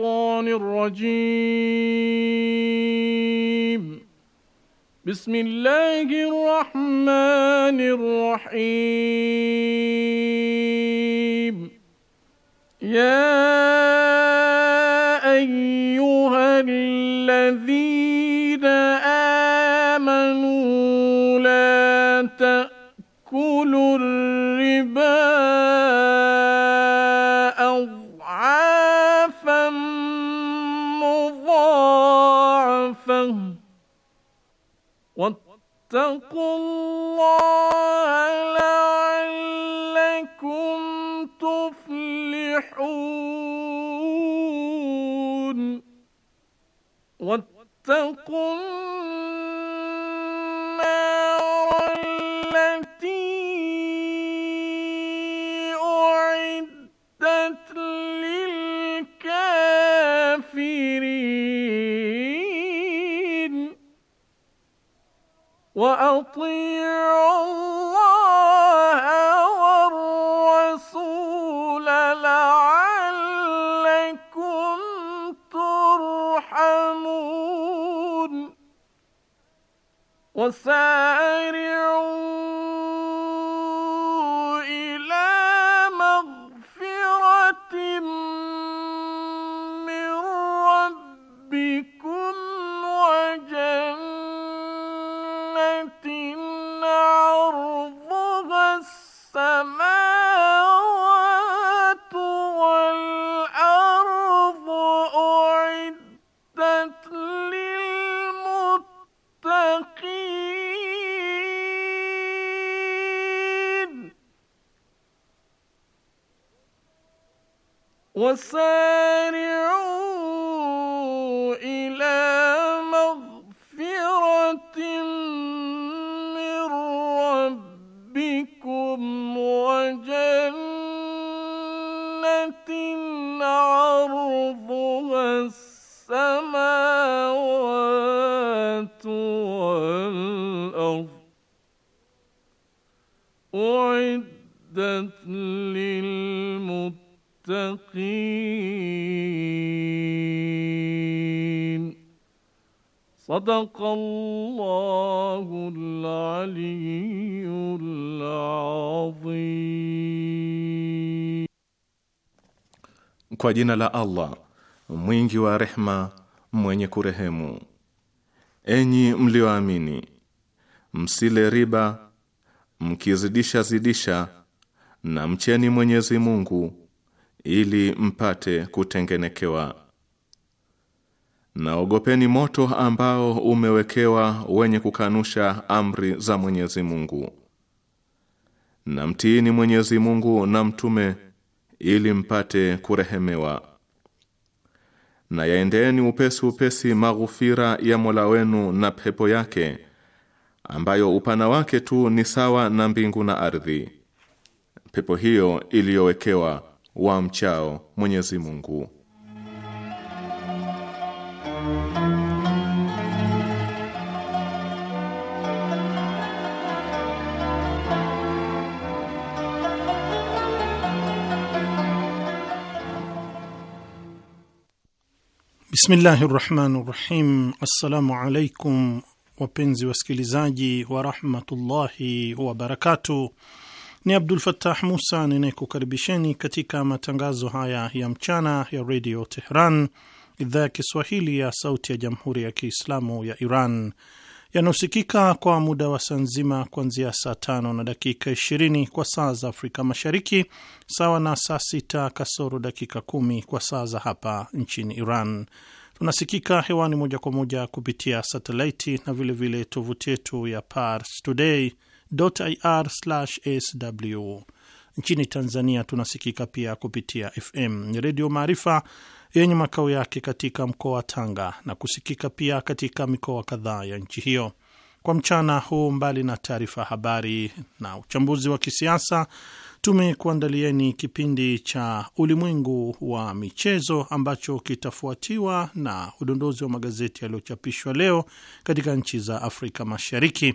الشيطان الرجيم بسم الله الرحمن الرحيم يا أيها الذين واتقوا الله لعلكم تفلحون واتقوا وسارعوا وسارعوا المتقين صدق الله العلي العظيم Kwa jina la Allah mwingi wa rehma mwenye kurehemu enyi mlioamini msile riba mkizidisha zidisha na mcheni Mwenyezi Mungu ili mpate kutengenekewa. Naogopeni moto ambao umewekewa wenye kukanusha amri za Mwenyezi Mungu. Na mtiini Mwenyezi Mungu na mtume ili mpate kurehemewa. Na yaendeeni upesi upesi maghufira ya Mola wenu na pepo yake ambayo upana wake tu ni sawa na mbingu na ardhi. Pepo hiyo iliyowekewa wa mchao Mwenyezi Mungu. Bismillahi rahmani rahim. Assalamu alaikum wapenzi wasikilizaji warahmatullahi wabarakatuh. Ni Abdul Fattah Musa ninayekukaribisheni katika matangazo haya ya mchana ya redio Tehran, idhaa ya Kiswahili ya sauti ya jamhuri ya Kiislamu ya Iran, yanayosikika kwa muda wa saa nzima kuanzia saa tano na dakika 20 kwa saa za Afrika Mashariki, sawa na saa sita kasoro dakika kumi kwa saa za hapa nchini Iran. Tunasikika hewani moja kwa moja kupitia satelaiti na vilevile tovuti yetu ya Pars Today ir/sw. Nchini Tanzania tunasikika pia kupitia FM ni Redio Maarifa yenye makao yake katika mkoa wa Tanga na kusikika pia katika mikoa kadhaa ya nchi hiyo. Kwa mchana huu, mbali na taarifa habari na uchambuzi wa kisiasa, tumekuandalieni kipindi cha ulimwengu wa michezo ambacho kitafuatiwa na udondozi wa magazeti yaliyochapishwa leo katika nchi za Afrika Mashariki.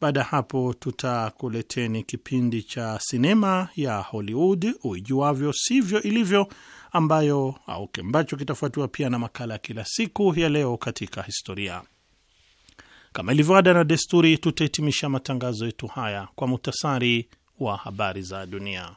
Baada ya hapo, tutakuleteni kipindi cha sinema ya Hollywood uijuavyo sivyo ilivyo, ambayo au ambacho kitafuatiwa pia na makala ya kila siku ya leo katika historia. Kama ilivyo ada na desturi, tutahitimisha matangazo yetu haya kwa muhtasari wa habari za dunia.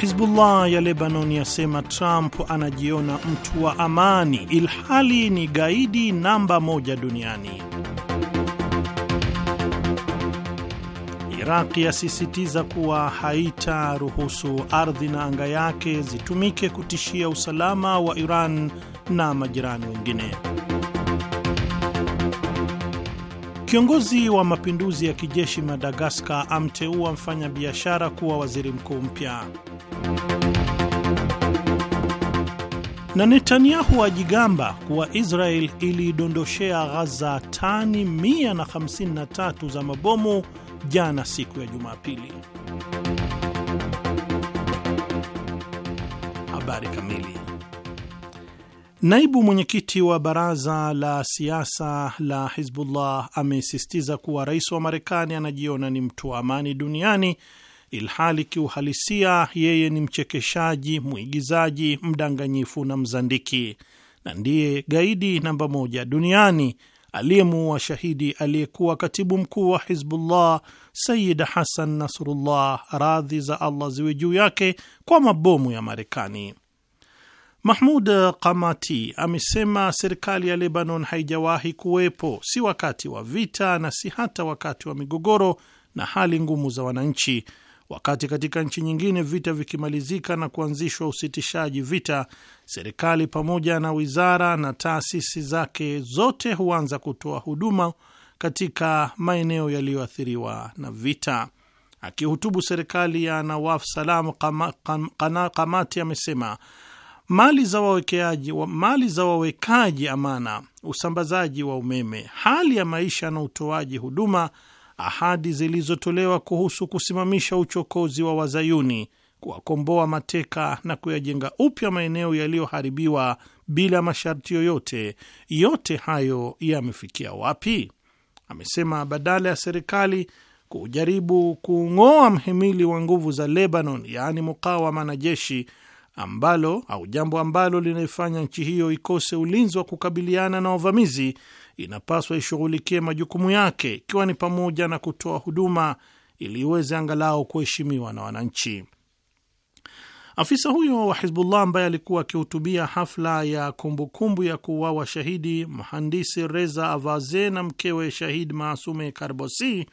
Hizbullah ya Lebanon yasema Trump anajiona mtu wa amani ilhali ni gaidi namba moja duniani. Iraq yasisitiza kuwa haitaruhusu ardhi na anga yake zitumike kutishia usalama wa Iran na majirani wengine. Kiongozi wa mapinduzi ya kijeshi Madagaskar amteua mfanyabiashara kuwa waziri mkuu mpya. Na Netanyahu ajigamba kuwa Israel iliidondoshea Ghaza tani 153 za mabomu jana siku ya Jumapili. Habari kamili Naibu mwenyekiti wa baraza la siasa la Hizbullah amesisitiza kuwa rais wa Marekani anajiona ni mtu wa amani duniani, ilhali kiuhalisia yeye ni mchekeshaji, mwigizaji, mdanganyifu na mzandiki, na ndiye gaidi namba moja duniani aliyemuua shahidi aliyekuwa katibu mkuu wa Hizbullah Sayid Hasan Nasrullah, radhi za Allah ziwe juu yake, kwa mabomu ya Marekani. Mahmud kamati amesema serikali ya Lebanon haijawahi kuwepo, si wakati wa vita na si hata wakati wa migogoro na hali ngumu za wananchi. Wakati katika nchi nyingine vita vikimalizika na kuanzishwa usitishaji vita, serikali pamoja na wizara na taasisi zake zote huanza kutoa huduma katika maeneo yaliyoathiriwa na vita. Akihutubu serikali ya Nawaf Salam, kamati amesema mali za wawekeaji, wa, mali za wawekaji amana, usambazaji wa umeme, hali ya maisha na utoaji huduma, ahadi zilizotolewa kuhusu kusimamisha uchokozi wa Wazayuni, kuwakomboa mateka na kuyajenga upya maeneo yaliyoharibiwa bila masharti yoyote, yote hayo yamefikia wapi? Amesema badala ya serikali kujaribu kuung'oa mhimili wa nguvu za Lebanon, yaani mukawama na jeshi ambalo au jambo ambalo linaifanya nchi hiyo ikose ulinzi wa kukabiliana na wavamizi, inapaswa ishughulikie majukumu yake, ikiwa ni pamoja na kutoa huduma ili iweze angalau kuheshimiwa na wananchi. Afisa huyo wa Hizbullah ambaye alikuwa akihutubia hafla ya kumbukumbu kumbu ya kuuawa shahidi mhandisi Reza Avaze na mkewe shahid Maasume Karbosi,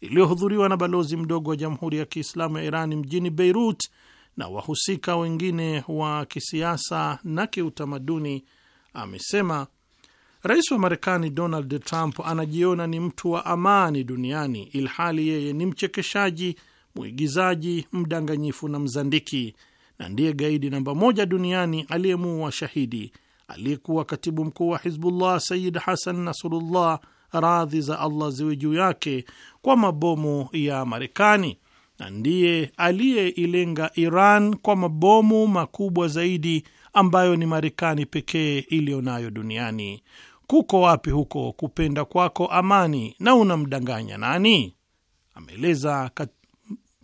iliyohudhuriwa na balozi mdogo wa Jamhuri ya Kiislamu ya Irani mjini Beirut na wahusika wengine wa kisiasa na kiutamaduni, amesema rais wa Marekani Donald Trump anajiona ni mtu wa amani duniani, ilhali yeye ni mchekeshaji, mwigizaji, mdanganyifu na mzandiki, na ndiye gaidi namba moja duniani aliyemuua shahidi aliyekuwa katibu mkuu wa Hizbullah Sayid Hasan Nasrullah, radhi za Allah ziwe juu yake, kwa mabomu ya Marekani na ndiye aliyeilenga Iran kwa mabomu makubwa zaidi ambayo ni Marekani pekee iliyo nayo duniani. Kuko wapi huko kupenda kwako amani, na unamdanganya nani? Ameeleza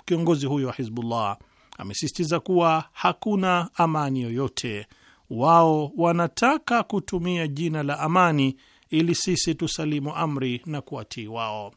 kiongozi huyo wa Hizbullah. Amesisitiza kuwa hakuna amani yoyote, wao wanataka kutumia jina la amani ili sisi tusalimu amri na kuwatii wao.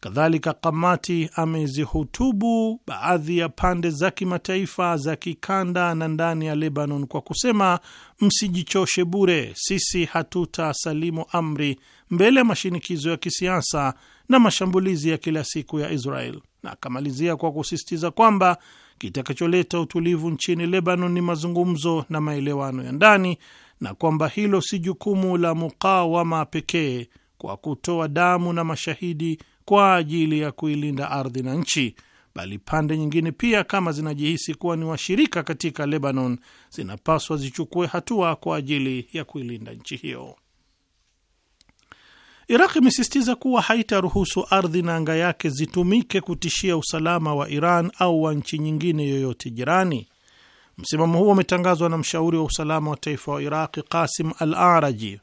Kadhalika, kamati amezihutubu baadhi ya pande za kimataifa za kikanda na ndani ya Lebanon kwa kusema, msijichoshe bure, sisi hatuta salimu amri mbele ya mashinikizo ya kisiasa na mashambulizi ya kila siku ya Israel, na akamalizia kwa kusisitiza kwamba kitakacholeta utulivu nchini Lebanon ni mazungumzo na maelewano ya ndani na kwamba hilo si jukumu la mukawama pekee, kwa kutoa damu na mashahidi kwa ajili ya kuilinda ardhi na nchi, bali pande nyingine pia, kama zinajihisi kuwa ni washirika katika Lebanon, zinapaswa zichukue hatua kwa ajili ya kuilinda nchi hiyo. Iraq imesisitiza kuwa haitaruhusu ardhi na anga yake zitumike kutishia usalama wa Iran au wa nchi nyingine yoyote jirani. Msimamo huo umetangazwa na mshauri wa usalama wa taifa wa Iraqi Qasim Al Araji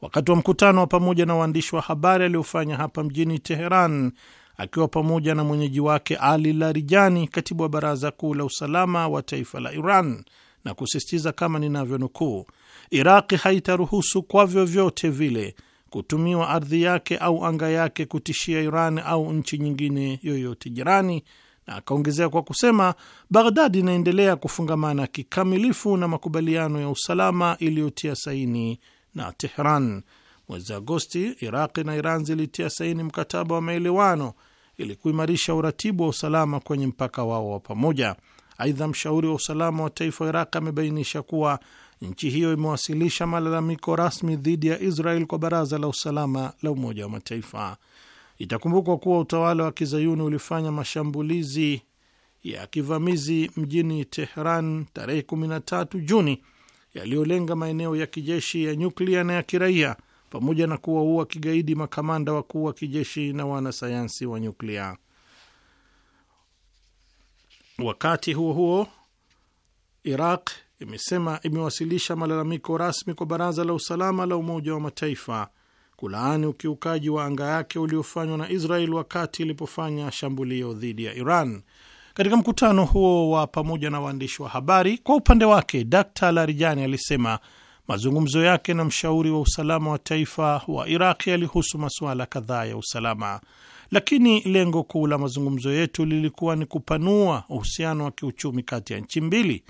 wakati wa mkutano wa pamoja na waandishi wa habari aliofanya hapa mjini Teheran akiwa pamoja na mwenyeji wake Ali Larijani, katibu wa baraza kuu la usalama wa taifa la Iran, na kusisitiza kama ninavyonukuu, Iraqi haitaruhusu kwa vyovyote vile kutumiwa ardhi yake au anga yake kutishia Iran au nchi nyingine yoyote jirani, na akaongezea kwa kusema, Baghdad inaendelea kufungamana kikamilifu na makubaliano ya usalama iliyotia saini na Tehran. Mwezi Agosti, iraq na Iran zilitia saini mkataba wa maelewano ili kuimarisha uratibu wa usalama kwenye mpaka wao wa pamoja. Aidha, mshauri wa usalama wa taifa wa Iraq amebainisha kuwa nchi hiyo imewasilisha malalamiko rasmi dhidi ya Israel kwa Baraza la Usalama la Umoja wa Mataifa. Itakumbukwa kuwa utawala wa kizayuni ulifanya mashambulizi ya kivamizi mjini Tehran tarehe 13 Juni yaliyolenga maeneo ya kijeshi ya nyuklia na ya kiraia pamoja na kuwaua kigaidi makamanda wakuu wa kijeshi na wanasayansi wa nyuklia. Wakati huo huo, Iraq imesema imewasilisha malalamiko rasmi kwa Baraza la Usalama la Umoja wa Mataifa kulaani ukiukaji wa anga yake uliofanywa na Israel wakati ilipofanya shambulio dhidi ya Iran. Katika mkutano huo wa pamoja na waandishi wa habari, kwa upande wake Dkt Larijani alisema mazungumzo yake na mshauri wa usalama wa taifa wa iraq yalihusu masuala kadhaa ya usalama, lakini lengo kuu la mazungumzo yetu lilikuwa ni kupanua uhusiano wa kiuchumi kati ya nchi mbili,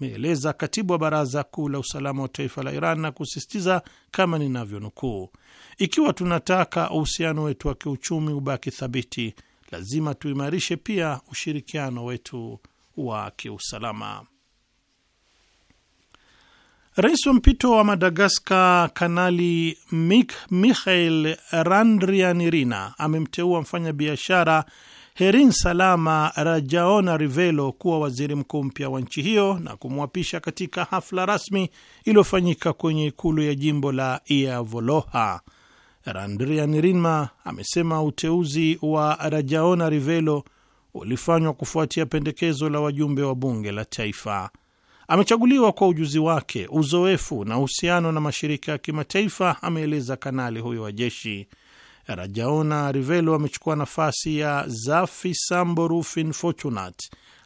ameeleza katibu wa Baraza Kuu la Usalama wa Taifa la Iran na kusisitiza kama ninavyonukuu, ikiwa tunataka uhusiano wetu wa kiuchumi ubaki thabiti lazima tuimarishe pia ushirikiano wetu wa kiusalama. Rais wa mpito wa Madagaskar, Kanali Mik Mikhail Randrianirina amemteua mfanyabiashara Herin Salama Rajaona Rivelo kuwa waziri mkuu mpya wa nchi hiyo na kumwapisha katika hafla rasmi iliyofanyika kwenye ikulu ya jimbo la Iavoloha Randrianirina amesema uteuzi wa Rajaona Rivelo ulifanywa kufuatia pendekezo la wajumbe wa bunge la taifa. Amechaguliwa kwa ujuzi wake, uzoefu na uhusiano na mashirika ya kimataifa, ameeleza kanali huyo wa jeshi. Rajaona Rivelo amechukua nafasi ya Zafi Sambo Rufin Fortunat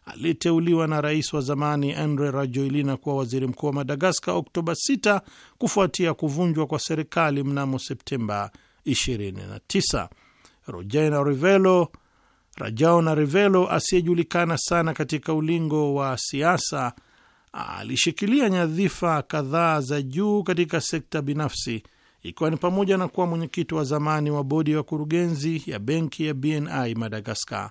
aliyeteuliwa na rais wa zamani Andre Rajoelina kuwa waziri mkuu wa Madagaskar Oktoba 6 kufuatia kuvunjwa kwa serikali mnamo Septemba 29. Rojena Rivelo Rajaona Rivelo asiyejulikana sana katika ulingo wa siasa alishikilia nyadhifa kadhaa za juu katika sekta binafsi ikiwa ni pamoja na kuwa mwenyekiti wa zamani wa bodi ya wakurugenzi ya benki ya BNI Madagaskar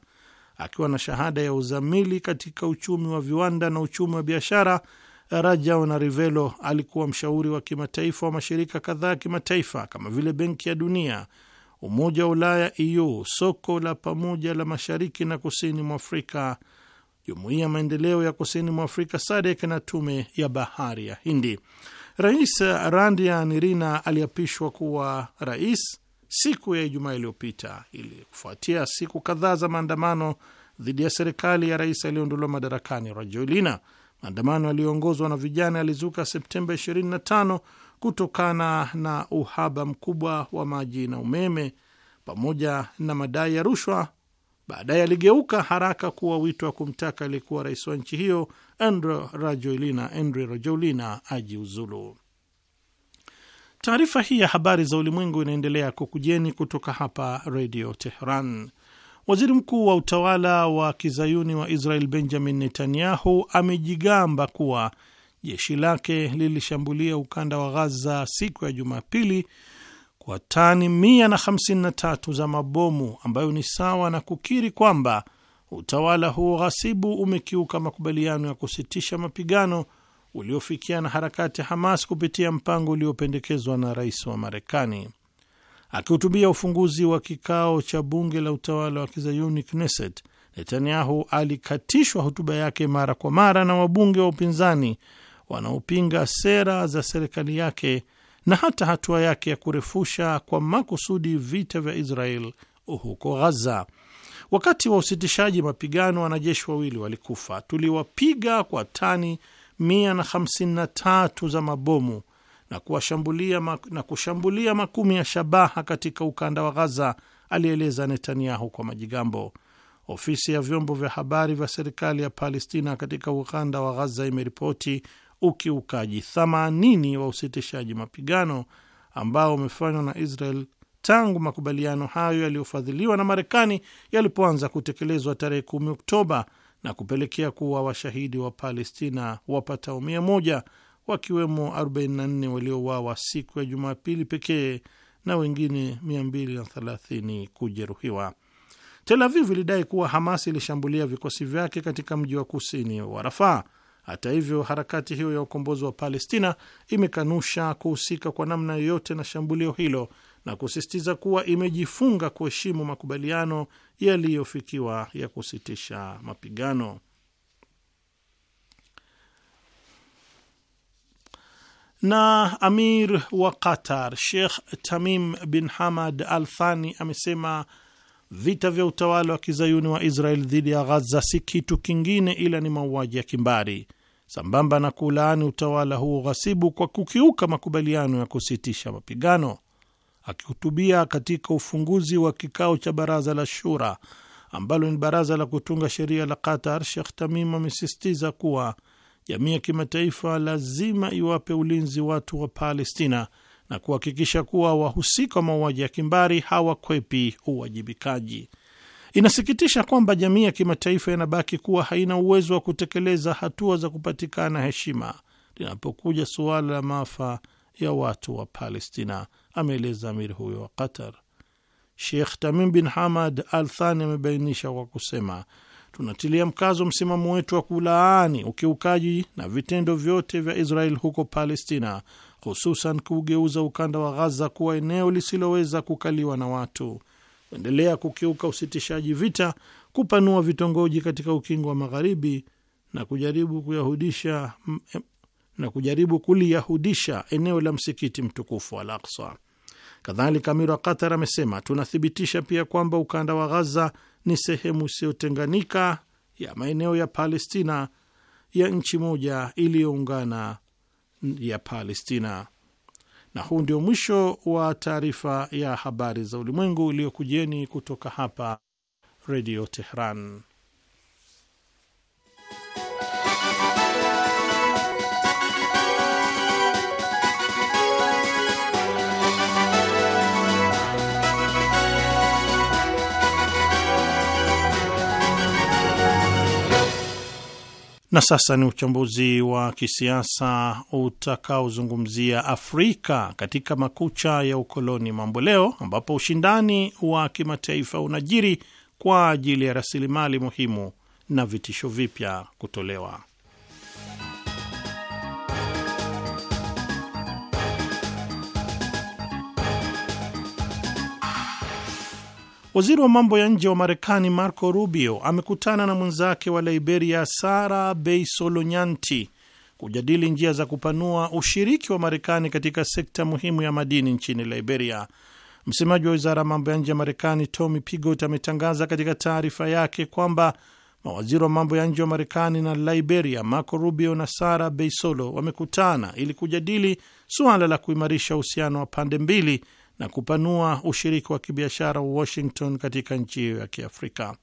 akiwa na shahada ya uzamili katika uchumi wa viwanda na uchumi wa biashara. Rajao na Rivelo alikuwa mshauri wa kimataifa wa mashirika kadhaa ya kimataifa kama vile Benki ya Dunia, Umoja wa Ulaya EU, soko la pamoja la mashariki na kusini mwa Afrika, Jumuiya ya maendeleo ya kusini mwa Afrika SADC na Tume ya Bahari ya Hindi. Rais Randi nirina aliapishwa kuwa rais siku ya Ijumaa iliyopita ili kufuatia siku kadhaa za maandamano dhidi ya serikali ya rais aliyoondolewa madarakani Rajoelina. Maandamano yaliyoongozwa na vijana yalizuka Septemba 25 kutokana na uhaba mkubwa wa maji na umeme pamoja na madai ya rushwa. Baadaye aligeuka haraka kuwa wito wa kumtaka aliyekuwa rais wa nchi hiyo Andry Rajoelina, Andry Rajoelina ajiuzulu. Taarifa hii ya habari za ulimwengu inaendelea kukujeni kutoka hapa redio Teheran. Waziri mkuu wa utawala wa kizayuni wa Israel Benjamin Netanyahu amejigamba kuwa jeshi lake lilishambulia ukanda wa Ghaza siku ya Jumapili kwa tani 153 za mabomu ambayo ni sawa na kukiri kwamba utawala huo ghasibu umekiuka makubaliano ya kusitisha mapigano uliofikia na harakati Hamas kupitia mpango uliopendekezwa na rais wa Marekani. Akihutubia ufunguzi wa kikao cha bunge la utawala wa kizayuni Knesset, Netanyahu alikatishwa hotuba yake mara kwa mara na wabunge wa upinzani wanaopinga sera za serikali yake na hata hatua yake ya kurefusha kwa makusudi vita vya Israel huko Ghaza. Wakati wa usitishaji mapigano, wanajeshi wawili walikufa. Tuliwapiga kwa tani 153 za mabomu na kushambulia, na kushambulia makumi ya shabaha katika ukanda wa Ghaza, alieleza Netanyahu kwa majigambo. Ofisi ya vyombo vya habari vya serikali ya Palestina katika ukanda wa Ghaza imeripoti ukiukaji 80 wa usitishaji mapigano ambao umefanywa na Israel tangu makubaliano hayo yaliyofadhiliwa na Marekani yalipoanza kutekelezwa tarehe 10 Oktoba na kupelekea kuwa washahidi wa Palestina wapatao mia moja wakiwemo 44 waliouawa siku ya Jumapili pekee na wengine 230 kujeruhiwa. Tel Aviv ilidai kuwa Hamas ilishambulia vikosi vyake katika mji wa kusini wa Rafaa. Hata hivyo, harakati hiyo ya ukombozi wa Palestina imekanusha kuhusika kwa namna yoyote na shambulio hilo na kusisitiza kuwa imejifunga kuheshimu makubaliano yaliyofikiwa ya kusitisha mapigano. Na amir wa Qatar Sheikh Tamim bin Hamad Al Thani amesema vita vya utawala wa kizayuni wa Israel dhidi ya Ghaza si kitu kingine ila ni mauaji ya kimbari, sambamba na kulaani utawala huo ghasibu kwa kukiuka makubaliano ya kusitisha mapigano. Akihutubia katika ufunguzi wa kikao cha baraza la Shura ambalo ni baraza la kutunga sheria la Qatar, Shekh Tamim amesisitiza kuwa jamii ya kimataifa lazima iwape ulinzi watu wa Palestina na kuhakikisha kuwa wahusika wa mauaji ya kimbari hawakwepi uwajibikaji. Inasikitisha kwamba jamii ya kimataifa inabaki kuwa haina uwezo wa kutekeleza hatua za kupatikana heshima linapokuja suala la maafa ya watu wa Palestina ameeleza amiri huyo wa Qatar. Sheikh Tamim bin Hamad Al Thani amebainisha kwa kusema, tunatilia mkazo msimamo wetu wa kulaani ukiukaji na vitendo vyote vya Israel huko Palestina, hususan kugeuza ukanda wa Ghaza kuwa eneo lisiloweza kukaliwa na watu, kuendelea kukiuka usitishaji vita, kupanua vitongoji katika ukingo wa Magharibi na kujaribu kuyahudisha na kujaribu kuliyahudisha eneo la msikiti mtukufu wa Al-Aqsa. Kadhalika, amir wa Qatar amesema, tunathibitisha pia kwamba ukanda wa Ghaza ni sehemu isiyotenganika ya maeneo ya Palestina ya nchi moja iliyoungana ya Palestina. Na huu ndio mwisho wa taarifa ya habari za ulimwengu iliyokujeni kutoka hapa Redio Tehran. Na sasa ni uchambuzi wa kisiasa utakaozungumzia Afrika katika makucha ya ukoloni mambo leo, ambapo ushindani wa kimataifa unajiri kwa ajili ya rasilimali muhimu na vitisho vipya kutolewa. Waziri wa mambo ya nje wa Marekani Marco Rubio amekutana na mwenzake wa Liberia Sara Beisolonyanti kujadili njia za kupanua ushiriki wa Marekani katika sekta muhimu ya madini nchini Liberia. Msemaji wa wizara ya mambo ya nje ya Marekani Tommy Pigot ametangaza katika taarifa yake kwamba mawaziri wa mambo ya nje wa Marekani na Liberia Marco Rubio na Sara Beisolo wamekutana ili kujadili suala la kuimarisha uhusiano wa pande mbili na kupanua ushiriki wa kibiashara wa Washington katika nchi hiyo ya Kiafrika.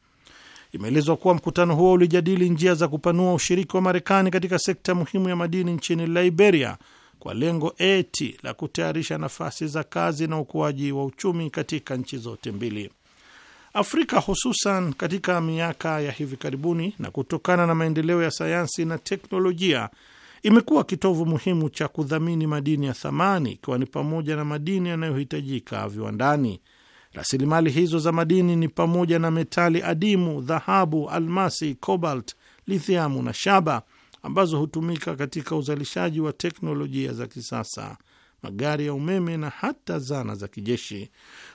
Imeelezwa kuwa mkutano huo ulijadili njia za kupanua ushiriki wa Marekani katika sekta muhimu ya madini nchini Liberia kwa lengo eti la kutayarisha nafasi za kazi na ukuaji wa uchumi katika nchi zote mbili. Afrika hususan katika miaka ya hivi karibuni na kutokana na maendeleo ya sayansi na teknolojia imekuwa kitovu muhimu cha kudhamini madini ya thamani, ikiwa ni pamoja na madini yanayohitajika viwandani. Rasilimali hizo za madini ni pamoja na metali adimu, dhahabu, almasi, cobalt, lithiamu na shaba ambazo hutumika katika uzalishaji wa teknolojia za kisasa, magari ya umeme na hata zana za kijeshi.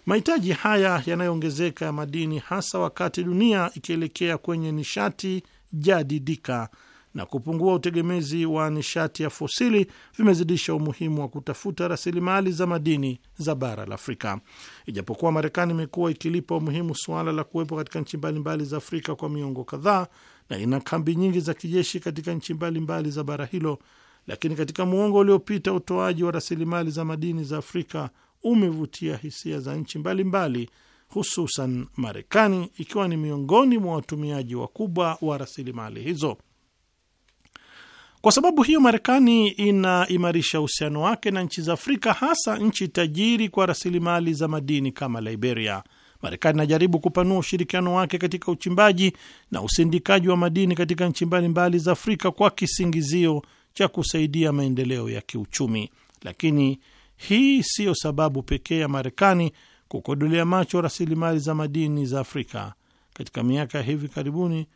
Mahitaji haya yanayoongezeka ya madini, hasa wakati dunia ikielekea kwenye nishati jadidika, na kupungua utegemezi wa nishati ya fosili vimezidisha umuhimu wa kutafuta rasilimali za madini za bara la Afrika. Ijapokuwa Marekani imekuwa ikilipa umuhimu suala la kuwepo katika nchi mbalimbali za Afrika kwa miongo kadhaa na ina kambi nyingi za kijeshi katika nchi mbalimbali za bara hilo, lakini katika muongo uliopita utoaji wa rasilimali za madini za Afrika umevutia hisia za nchi mbalimbali hususan Marekani ikiwa ni miongoni mwa watumiaji wakubwa wa rasilimali hizo. Kwa sababu hiyo, Marekani inaimarisha uhusiano wake na nchi za Afrika, hasa nchi tajiri kwa rasilimali za madini kama Liberia. Marekani inajaribu kupanua ushirikiano wake katika uchimbaji na usindikaji wa madini katika nchi mbalimbali za Afrika kwa kisingizio cha kusaidia maendeleo ya kiuchumi, lakini hii siyo sababu pekee ya Marekani kukodolea macho rasilimali za madini za Afrika. Katika miaka ya hivi karibuni,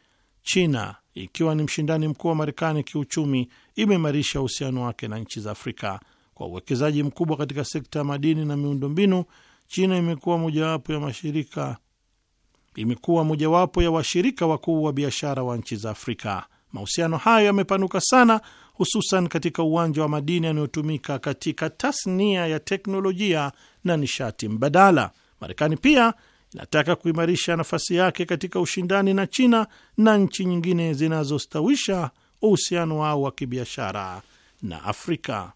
China ikiwa ni mshindani mkuu wa Marekani kiuchumi, imeimarisha uhusiano wake na nchi za Afrika kwa uwekezaji mkubwa katika sekta ya madini na miundombinu. China imekuwa mojawapo ya mashirika imekuwa mojawapo ya washirika wakuu wa biashara wa nchi za Afrika. Mahusiano hayo yamepanuka sana, hususan katika uwanja wa madini yanayotumika katika tasnia ya teknolojia na nishati mbadala. Marekani pia inataka kuimarisha nafasi yake katika ushindani na China na nchi nyingine zinazostawisha uhusiano wao wa kibiashara na Afrika.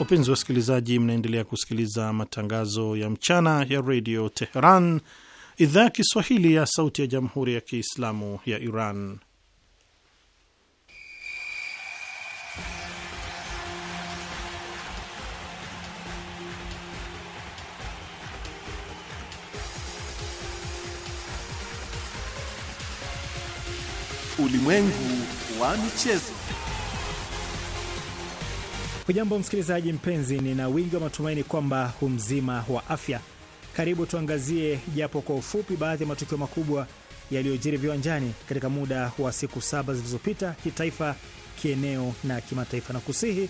Wapenzi wasikilizaji, mnaendelea kusikiliza matangazo ya mchana ya redio Teheran, idhaa ya Kiswahili ya Sauti ya Jamhuri ya Kiislamu ya Iran. Ulimwengu wa michezo. Hujambo msikilizaji mpenzi, nina wingi wa matumaini kwamba humzima wa afya. Karibu tuangazie japo kwa ufupi baadhi ya matukio makubwa yaliyojiri viwanjani katika muda wa siku saba zilizopita, kitaifa, kieneo na kimataifa, na kusihi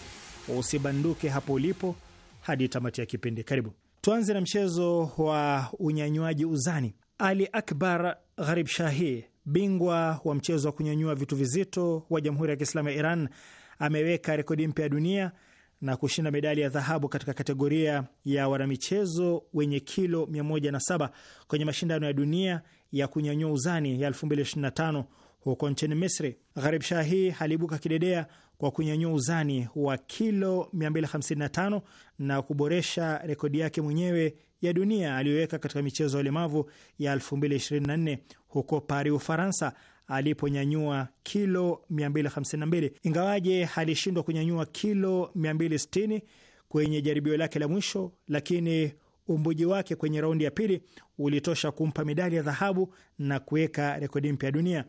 usibanduke hapo ulipo hadi tamati ya kipindi. Karibu tuanze na mchezo wa unyanywaji uzani. Ali Akbar Gharib Shahi, bingwa wa mchezo wa kunyanyua vitu vizito wa Jamhuri ya Kiislamu ya Iran, ameweka rekodi mpya ya dunia na kushinda medali ya dhahabu katika kategoria ya wanamichezo wenye kilo 107 kwenye mashindano ya dunia ya kunyanyua uzani ya 2025 huko nchini Misri. Gharib Shahi aliibuka kidedea kwa kunyanyua uzani wa kilo 255 na kuboresha rekodi yake mwenyewe ya dunia aliyoweka katika michezo ya ulemavu ya 2024 huko Paris, Ufaransa, aliponyanyua kilo 252 ingawaje alishindwa kunyanyua kilo 260 kwenye jaribio lake la mwisho, lakini umbuji wake kwenye raundi ya pili ulitosha kumpa medali ya dhahabu na kuweka rekodi mpya ya dunia.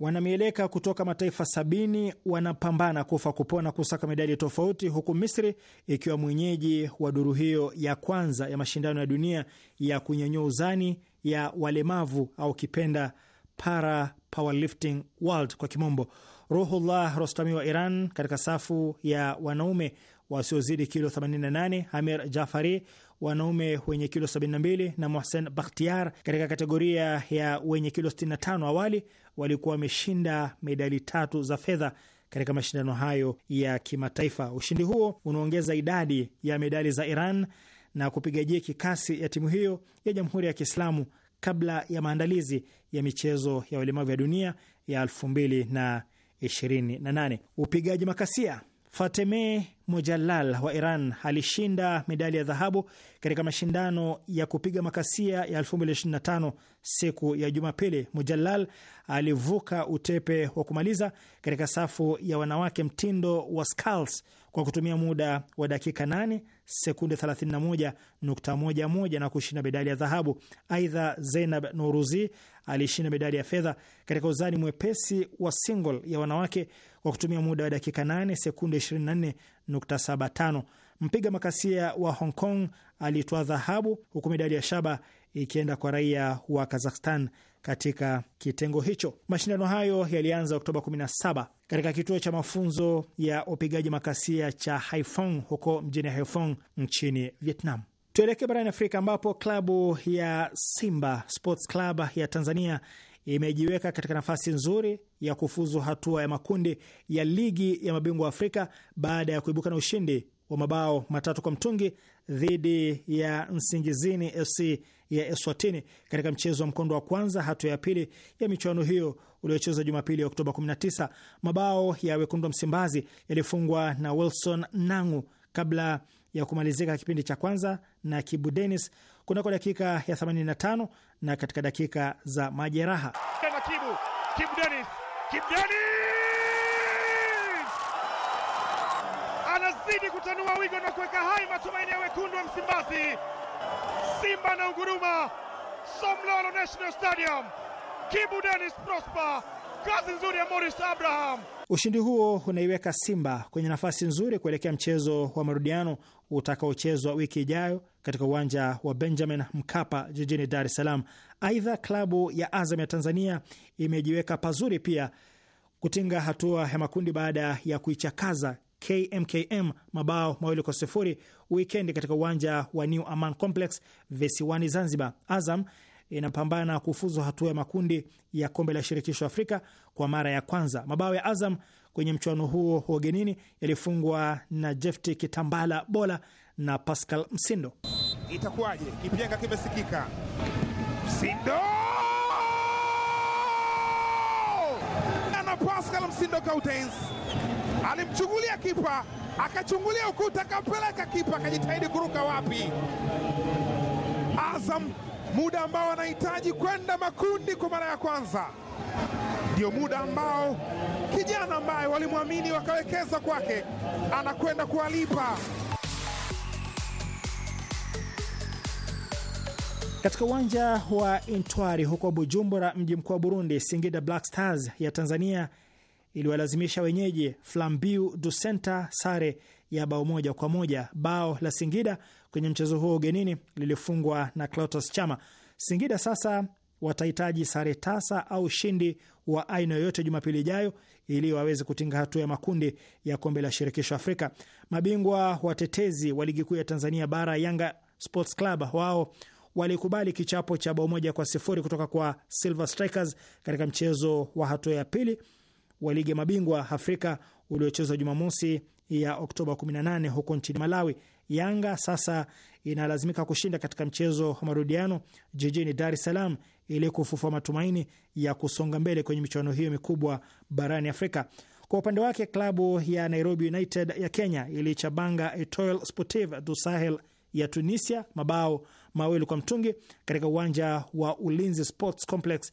Wanamieleka kutoka mataifa sabini wanapambana kufa kupona kusaka medali tofauti, huku Misri ikiwa mwenyeji wa duru hiyo ya kwanza ya mashindano ya dunia ya kunyanyua uzani ya walemavu au kipenda para Powerlifting World kwa kimombo. Ruhullah Rostami wa Iran katika safu ya wanaume wasiozidi kilo 88, Amir Jafari wanaume wenye kilo 72 na Mohsen Bakhtiar katika kategoria ya wenye kilo 65 awali walikuwa wameshinda medali tatu za fedha katika mashindano hayo ya kimataifa. Ushindi huo unaongeza idadi ya medali za Iran na kupiga jeki kasi ya timu hiyo ya Jamhuri ya Kiislamu kabla ya maandalizi ya michezo ya walemavu ya dunia ya 2028. Upigaji makasia, Fateme Mojalal wa Iran alishinda medali ya dhahabu katika mashindano ya kupiga makasia ya 2025 siku ya Jumapili. Mojalal alivuka utepe wa kumaliza katika safu ya wanawake mtindo wa sculls kwa kutumia muda wa dakika 8 sekunde 31.11 na kushinda medali ya dhahabu. Aidha, Zeinab nouruzi alishinda medali ya fedha katika uzani mwepesi wa single ya wanawake kwa kutumia muda wa dakika 8 sekunde 24.75. Mpiga makasia wa Hong Kong alitoa dhahabu huku medali ya shaba ikienda kwa raia wa Kazakhstan katika kitengo hicho. Mashindano hayo yalianza Oktoba 17 katika kituo cha mafunzo ya upigaji makasia cha Haiphong huko mjini Haiphong nchini Vietnam. Tuelekee barani Afrika ambapo klabu ya Simba Sports Club ya Tanzania imejiweka katika nafasi nzuri ya kufuzu hatua ya makundi ya ligi ya mabingwa Afrika baada ya kuibuka na ushindi wa mabao matatu kwa mtungi dhidi ya Nsingizini FC ya Eswatini katika mchezo wa mkondo wa kwanza hatua ya pili ya michuano hiyo uliochezwa Jumapili ya Oktoba 19. Mabao ya wekundu wa Msimbazi yalifungwa na Wilson Nangu kabla ya kumalizika kipindi cha kwanza na Kibu Denis kunako dakika ya 85 na katika dakika za majeraha Kibu, Kibu Denis, Kibu Denis! wanazidi kutanua wigo na kuweka hai matumaini ya wekundu wa Msimbazi. Simba na unguruma Somlolo National Stadium. Kibu Dennis Prosper, kazi nzuri ya Morris Abraham. Ushindi huo unaiweka Simba kwenye nafasi nzuri kuelekea mchezo wa marudiano utakaochezwa wiki ijayo katika uwanja wa Benjamin Mkapa jijini Dar es Salaam. Aidha, klabu ya Azam ya Tanzania imejiweka pazuri pia kutinga hatua ya makundi baada ya kuichakaza KMKM mabao mawili kwa sifuri wikendi katika uwanja wa New Aman Complex visiwani Zanzibar. Azam inapambana kufuzu hatua ya makundi ya kombe la shirikisho Afrika kwa mara ya kwanza. Mabao ya Azam kwenye mchuano huo wa ugenini yalifungwa na Jefti Kitambala Bola na Pascal Msindo. Itakuwaje? Kipyenga kimesikika. Msindo na Pascal Msindo Kautens alimchungulia kipa, akachungulia ukuta, akampeleka kipa, akajitahidi kuruka wapi. Azam muda ambao anahitaji kwenda makundi kwa mara ya kwanza, ndio muda ambao kijana ambaye walimwamini wakawekeza kwake anakwenda kuwalipa. Katika uwanja wa Intwari huko Bujumbura, mji mkuu wa Burundi, Singida Black Stars ya Tanzania iliwalazimisha wenyeji Flambiu Dusenta sare ya bao moja kwa moja. Bao la Singida kwenye mchezo huo ugenini lilifungwa na Clotus Chama. Singida sasa watahitaji sare tasa au ushindi wa aina yoyote Jumapili ijayo ili waweze kutinga hatua ya makundi ya kombe la shirikisho Afrika. Mabingwa watetezi wa ligi kuu ya Tanzania bara Yanga Sports Club wao walikubali kichapo cha bao moja kwa sifuri kutoka kwa Silver Strikers katika mchezo wa hatua ya pili wa ligi ya mabingwa Afrika uliochezwa Jumamosi ya Oktoba 18 huko nchini Malawi. Yanga sasa inalazimika kushinda katika mchezo wa marudiano jijini Dar es Salaam ili kufufua matumaini ya kusonga mbele kwenye michuano hiyo mikubwa barani Afrika. Kwa upande wake, klabu ya Nairobi United ya Kenya ilichabanga Etoile Sportive du Sahel ya Tunisia mabao mawili kwa mtungi katika uwanja wa Ulinzi Sports Complex